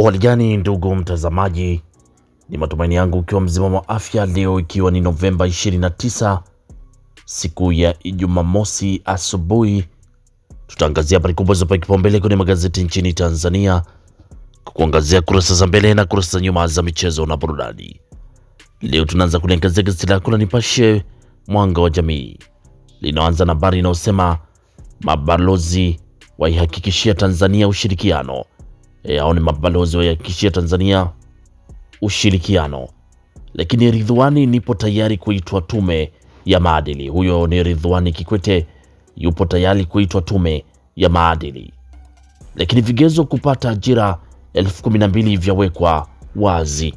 Uhaligani ndugu mtazamaji, ni matumaini yangu ukiwa mzima wa afya leo, ikiwa ni Novemba 29 siku ya Jumamosi asubuhi, tutaangazia habari kubwa zopewa kipaumbele kwenye magazeti nchini Tanzania, kuangazia kurasa za mbele na kurasa za nyuma za michezo na burudani. Leo tunaanza kuliangazia gazeti lako la Nipashe Mwanga wa Jamii linaanza na habari inayosema mabalozi waihakikishia Tanzania ushirikiano e, eh, au ni mabalozi waihakikishia Tanzania ushirikiano. Lakini ridhwani nipo tayari kuitwa tume ya maadili. Huyo ni ridhwani Kikwete, yupo tayari kuitwa tume ya maadili. Lakini vigezo kupata ajira elfu kumi na mbili vyawekwa wazi.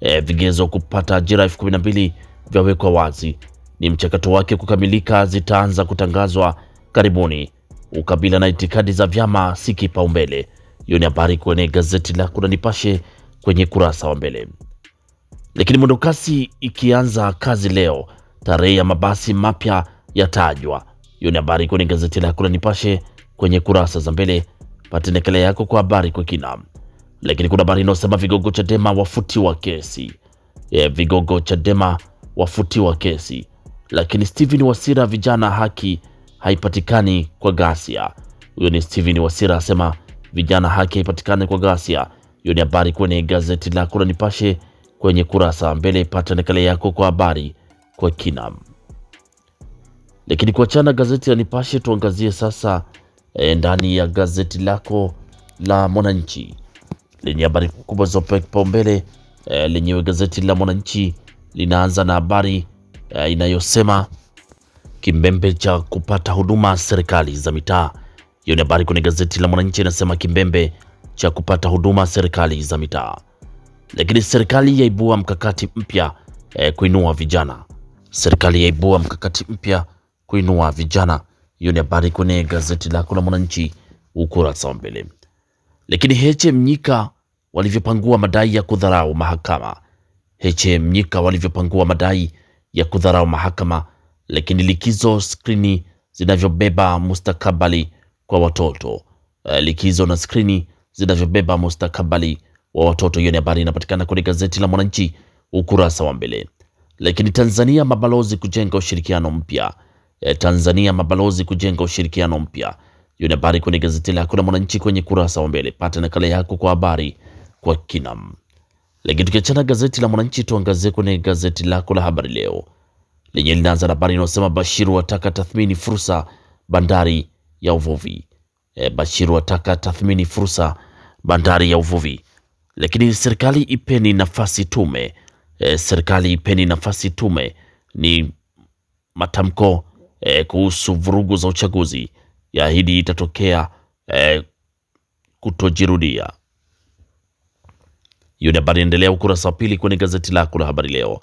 E, vigezo kupata ajira elfu kumi na mbili vyawekwa wazi, ni mchakato wake kukamilika, zitaanza kutangazwa karibuni. Ukabila na itikadi za vyama si kipaumbele. Hiyo ni habari kwenye gazeti la kuna Nipashe kwenye kurasa wa mbele. Lakini mwendokasi ikianza kazi leo, tarehe ya mabasi mapya yatajwa. Hiyo ni habari kwenye gazeti la kuna Nipashe kwenye kurasa za mbele. Pata nakala yako kwa habari kwa kina. Lakini kuna habari inayosema vigogo Chadema wafutiwa kesi. E, vigogo Chadema wafutiwa kesi. Lakini Steven Wasira, vijana haki haipatikani kwa ghasia. Huyo ni Steven Wasira asema vijana haki haipatikane kwa ghasia. Hiyo ni habari kwenye gazeti lako la Nipashe kwenye kurasa mbele, ipata nakala yako kwa habari kwa kina. Lakini kuachana gazeti la Nipashe, tuangazie sasa e, ndani ya gazeti lako la Mwananchi lenye habari kubwa zopewa kipaumbele. E, lenyewe gazeti la Mwananchi linaanza na habari e, inayosema kimbembe cha kupata huduma serikali za mitaa hiyo ni habari kwenye gazeti la Mwananchi inasema kimbembe cha kupata huduma serikali za mitaa, lakini serikali yaibua mkakati mpya eh, kuinua vijana. Serikali yaibua mkakati mpya kuinua vijana. Hiyo ni habari kwenye gazeti lako la Mwananchi ukurasa wa mbele. Lakini Heche Mnyika walivyopangua madai ya kudharau mahakama. Heche Mnyika walivyopangua madai ya kudharau mahakama. Lakini likizo skrini zinavyobeba mustakabali kwa watoto eh, likizo na skrini zinavyobeba mustakabali wa watoto. Hiyo ni habari inapatikana kwenye gazeti la Mwananchi ukurasa wa mbele. Lakini Tanzania mabalozi kujenga ushirikiano mpya e, Tanzania mabalozi kujenga ushirikiano mpya. Hiyo ni habari kwenye gazeti lako la Mwananchi kwenye kurasa wa mbele, pata nakala yako kwa habari kwa kinam. Lakini tukiachana gazeti la Mwananchi, tuangazie kwenye gazeti lako la Habari Leo lenye linaanza habari inayosema Bashiru wataka tathmini fursa bandari ya uvuvi. E, Bashiru wataka tathmini fursa bandari ya uvuvi. Lakini serikali ipeni nafasi tume. E, serikali ipeni nafasi tume ni matamko e, kuhusu vurugu za uchaguzi yaahidi itatokea e, kutojirudia. Hiyo ni habari, endelea ukurasa wa pili kwenye gazeti lako la habari leo.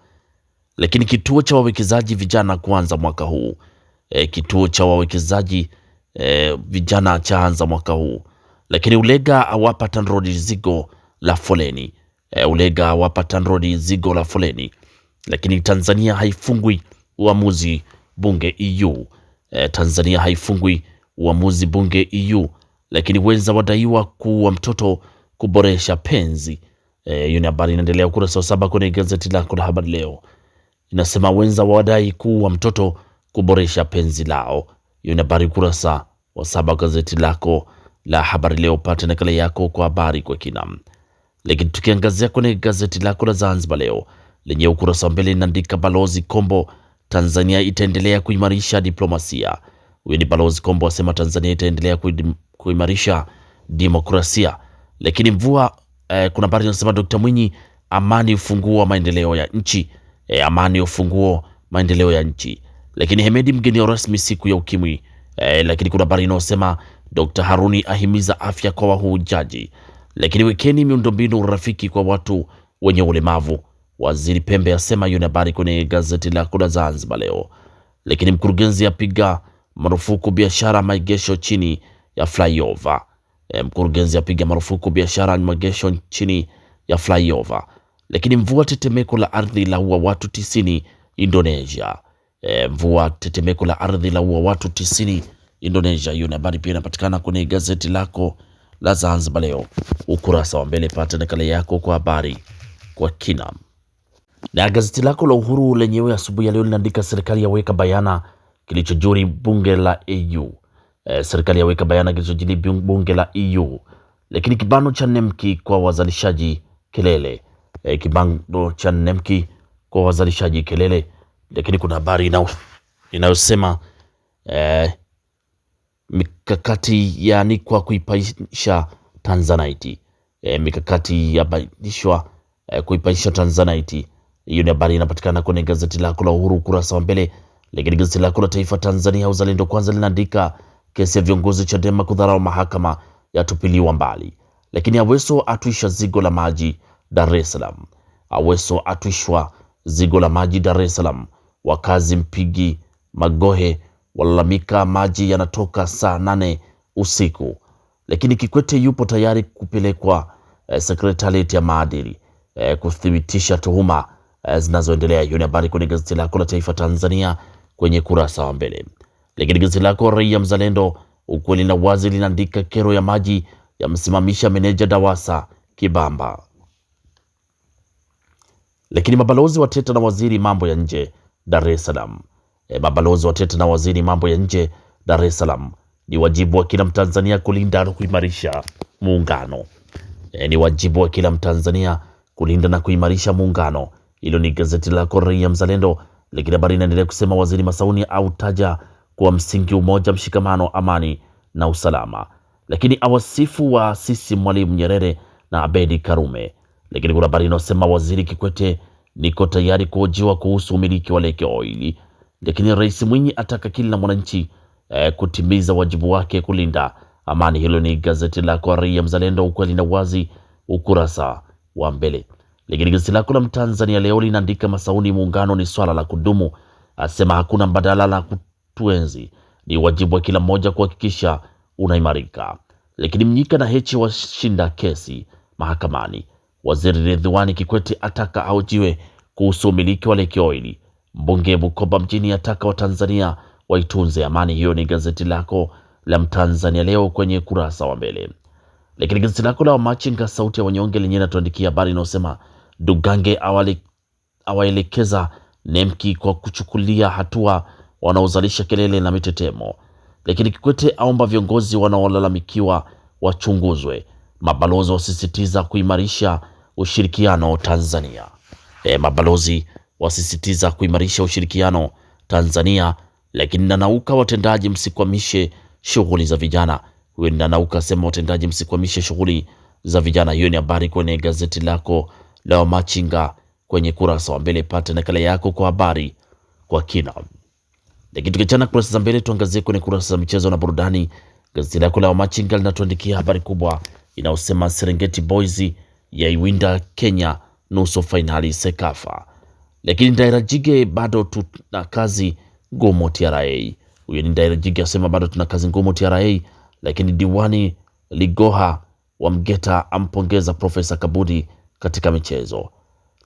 Lakini kituo cha wawekezaji vijana kuanza mwaka huu. E, kituo cha wawekezaji e, vijana chaanza mwaka huu, lakini Ulega awapa TANROADS zigo la foleni e, Ulega awapa TANROADS zigo la foleni, lakini Tanzania haifungwi uamuzi bunge EU. E, eh, Tanzania haifungwi uamuzi bunge EU, lakini wenza wadaiwa kuwa mtoto kuboresha penzi. Hiyo e, ni habari inaendelea ukurasa wa saba kwenye gazeti lako la habari leo, inasema wenza wadai kuwa mtoto kuboresha penzi lao. Hiyo ni habari ukurasa wa saba gazeti lako la Habari Leo. pate nakala yako kwa habari kwa kina. Lakini tukiangazia kwenye gazeti lako la Zanzibar Leo lenye ukurasa wa mbele linaandika Balozi Kombo, Tanzania itaendelea kuimarisha diplomasia. Huyu ni Balozi Kombo asema Tanzania itaendelea kuimarisha demokrasia. Lakini mvua eh, kuna habari inasema Dr. Mwinyi, amani ufunguo wa maendeleo ya nchi eh, amani ufunguo maendeleo ya nchi. Lakini Hemedi mgeni rasmi siku ya ukimwi eh, lakini kuna habari inayosema Dr. Haruni ahimiza afya kwa wahujaji, lakini wekeni miundombinu rafiki kwa watu wenye ulemavu. Waziri Pembe asema hiyo ni habari kwenye gazeti la la Zanzibar Leo. Lakini mkurugenzi apiga marufuku biashara maegesho chini ya flyover. E, mkurugenzi apiga marufuku biashara maegesho chini ya flyover. Lakini mvua tetemeko la ardhi la ua watu tisini Indonesia. E, mvua tetemeko la ardhi la ua watu tisini Indonesia. Hiyo ni habari pia inapatikana kwenye gazeti lako la Zanzibar leo ukurasa wa mbele. Pata nakala yako kwa habari kwa kina. Na gazeti lako la Uhuru lenyewe asubuhi ya leo linaandika serikali yaweka bayana kilichojiri bunge la EU. E, eh, serikali yaweka bayana kilichojiri bunge la EU. Lakini kibano cha Nemki kwa wazalishaji kelele. E, kibano cha Nemki kwa wazalishaji kelele lakini kuna habari inayosema eh, mikakati yaanikwa kuipaisha Tanzanite. Eh, mikakati yabainishwa eh, kuipaisha Tanzanite. Hiyo ni habari inapatikana kwenye gazeti lako la Uhuru ukurasa wa mbele, lakini gazeti lako la Taifa Tanzania Uzalendo Kwanza linaandika kesi ya viongozi Chadema kudharau mahakama yatupiliwa mbali, lakini Aweso atwisha zigo la maji Dar es Salaam. Aweso atwishwa zigo la maji Dar es Salaam. Wakazi Mpigi Magohe walalamika maji yanatoka saa nane usiku, lakini Kikwete yupo tayari kupelekwa e, sekretarieti ya maadili e, kuthibitisha tuhuma e, zinazoendelea. Hiyo ni habari kwenye gazeti lako la Taifa Tanzania kwenye kurasa wa mbele. Lakini gazeti lako Raia Mzalendo, ukweli na wazi, linaandika kero ya maji yamsimamisha meneja Dawasa Kibamba. Lakini mabalozi wateta na waziri mambo ya nje Dar es Salaam. E, mabalozi wateta na waziri mambo ya nje Dar es Salaam. Ni wajibu wa kila Mtanzania kulinda na kuimarisha muungano. E, ni wajibu wa kila Mtanzania kulinda na kuimarisha muungano. Hilo ni gazeti lako Korea Mzalendo, lakini habari inaendelea kusema waziri Masauni autaja kuwa msingi umoja, mshikamano, amani na usalama, lakini awasifu wa sisi Mwalimu Nyerere na Abedi Karume. Lakini kuna habari inayosema waziri Kikwete niko tayari kuhojiwa kuhusu umiliki wa Lake Oil, lakini Rais Mwinyi ataka kila mwananchi eh, kutimiza wajibu wake kulinda amani. Hilo ni gazeti lako Raia Mzalendo, ukweli na uwazi, ukurasa wa mbele. Lakini gazeti lako la Mtanzania leo linaandika Masauni, muungano ni swala la kudumu, asema hakuna mbadala la kutuenzi, ni wajibu wa kila mmoja kuhakikisha unaimarika. Lakini Mnyika na Heche washinda kesi mahakamani Waziri Ridhiwani Kikwete ataka aojiwe kuhusu umiliki wa Lake Oil. Mbunge Bukoba mjini ataka Watanzania waitunze amani. Hiyo ni gazeti lako la Mtanzania leo kwenye kurasa wa mbele, lakini gazeti lako la Wamachinga sauti ya wanyonge lenyewe natuandikia habari inayosema Dugange awaelekeza Nemki kwa kuchukulia hatua wanaozalisha kelele na mitetemo, lakini Kikwete aomba viongozi wanaolalamikiwa wachunguzwe. Mabalozi wasisitiza kuimarisha ushirikiano Tanzania. E, mabalozi wasisitiza kuimarisha ushirikiano Tanzania. Lakini Nanauka, watendaji msikwamishe shughuli za vijana. Huyo ni Nanauka sema watendaji msikwamishe shughuli za vijana. Hiyo ni habari kwenye gazeti lako la Wamachinga kwenye kurasa wa mbele, pata nakala yako kwa habari kwa kina. Lakini tukichana kurasa za mbele, tuangazie kwenye kurasa za michezo na burudani. Gazeti lako la Wamachinga linatuandikia habari kubwa inayosema Serengeti Boys yaiwinda Kenya nusu fainali Sekafa. Lakini Ndaira Jige, bado tuna kazi ngumu TRA. Huyo ni Ndaira Jige asema bado tuna kazi ngumu TRA. Lakini diwani Ligoha wa Mgeta ampongeza Profesa Kabudi katika michezo.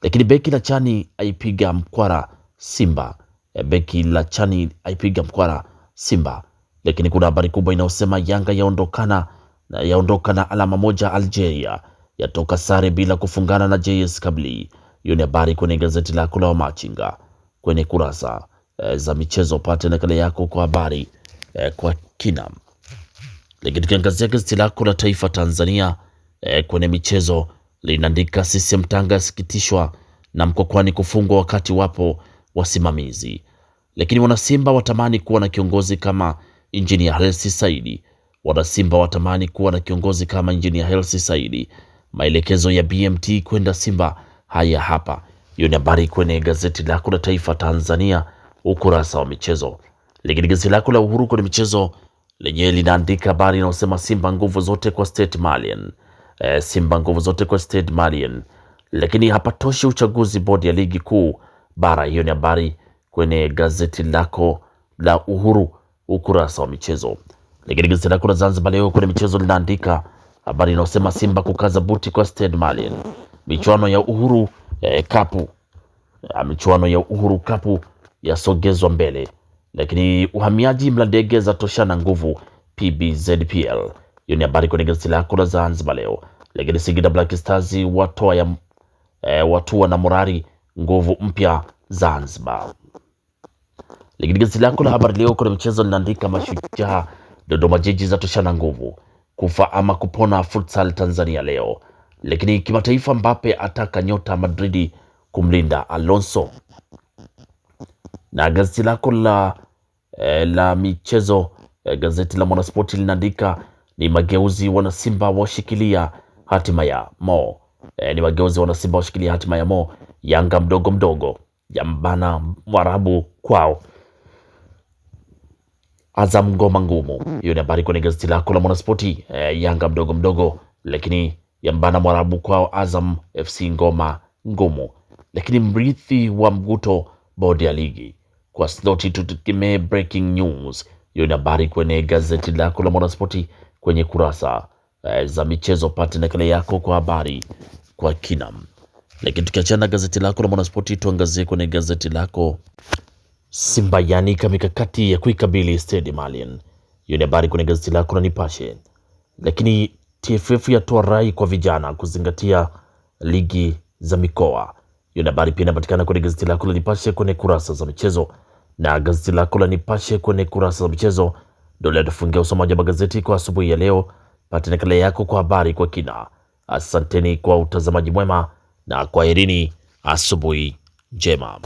Lakini beki la chani aipiga mkwara Simba, e, beki la chani aipiga mkwara Simba. Lakini kuna habari kubwa inayosema Yanga yaondokana na yaondoka na alama moja. Algeria yatoka sare bila kufungana na JS Kabli. Hiyo ni habari kwenye gazeti lako la Wamachinga kwenye kurasa e, za michezo. Pate nakala yako kwa habari e, kwa kina. Lakini tukiangazia gazeti lako la Taifa Tanzania e, kwenye michezo linaandika CCM Tanga yasikitishwa na mkokwani kufungwa wakati wapo wasimamizi, lakini wanasimba watamani kuwa na kiongozi kama Injinia Hersi Saidi. Wanasimba watamani kuwa na kiongozi kama Injinia Hersi Saidi. Maelekezo ya BMT kwenda Simba haya hapa. Hiyo ni habari kwenye gazeti lako la Taifa Tanzania ukurasa wa michezo. Lakini gazeti lako la Uhuru kwenye michezo lenyewe linaandika habari inayosema Simba nguvu zote kwa State Malian. E, Simba nguvu zote kwa State Malian. Lakini hapatoshi uchaguzi bodi ya ligi kuu bara. Hiyo ni habari kwenye gazeti lako la Uhuru ukurasa wa michezo. Lakini gazeti lako la Zanzibar Leo kwenye michezo linaandika habari inayosema Simba kukaza buti kwa Stade Malien, michuano ya Uhuru eh, kapu ah, michuano ya Uhuru kapu yasogezwa mbele, lakini uhamiaji mla ndege za toshana nguvu PBZPL. Hiyo ni habari kwenye gazeti lako la Zanzibar Leo. Lakini Singida Black Stars watoa ya e, watua na morari nguvu mpya Zanzibar. Lakini gazeti lako la habari leo kwenye michezo linaandika mashujaa Dodoma Jiji zatoshana nguvu kufa ama kupona futsal Tanzania leo. Lakini kimataifa, Mbappe ataka nyota Madridi kumlinda Alonso. Na gazeti lako la, eh, la michezo eh, gazeti la Mwanaspoti linaandika ni mageuzi wanasimba washikilia hatima ya Mo. Eh, ni mageuzi wanasimba washikilia hatima ya Mo. Yanga mdogo mdogo yambana mwarabu kwao Azam ngoma ngumu. Hiyo ni habari kwenye gazeti lako la Mwanaspoti. E, Yanga mdogo mdogo, lakini yambana Mwarabu kwao. Azam FC ngoma ngumu, lakini mrithi wa mguto bodi ya ligi kwa sloti tutegemee breaking news. Hiyo ni habari kwenye gazeti lako la Mwanaspoti kwenye kurasa e, za michezo. Pate nakala yako kwa habari kwa kinam. Lakini tukiachana gazeti lako la Mwanaspoti, tuangazie kwenye gazeti lako Simba yaanika mikakati ya kuikabili Stade Malien. Hiyo ni habari kwenye gazeti lako la Nipashe. Lakini TFF yatoa rai kwa vijana kuzingatia ligi za mikoa. Hiyo ni habari pia inapatikana kwenye gazeti lako la Nipashe kwenye kurasa za michezo, na gazeti lako la Nipashe kwenye kurasa za michezo ndio linatufungia usomaji wa magazeti kwa asubuhi ya leo. Pata nakala yako kwa habari kwa kina. Asanteni kwa utazamaji mwema na kwaherini, asubuhi njema.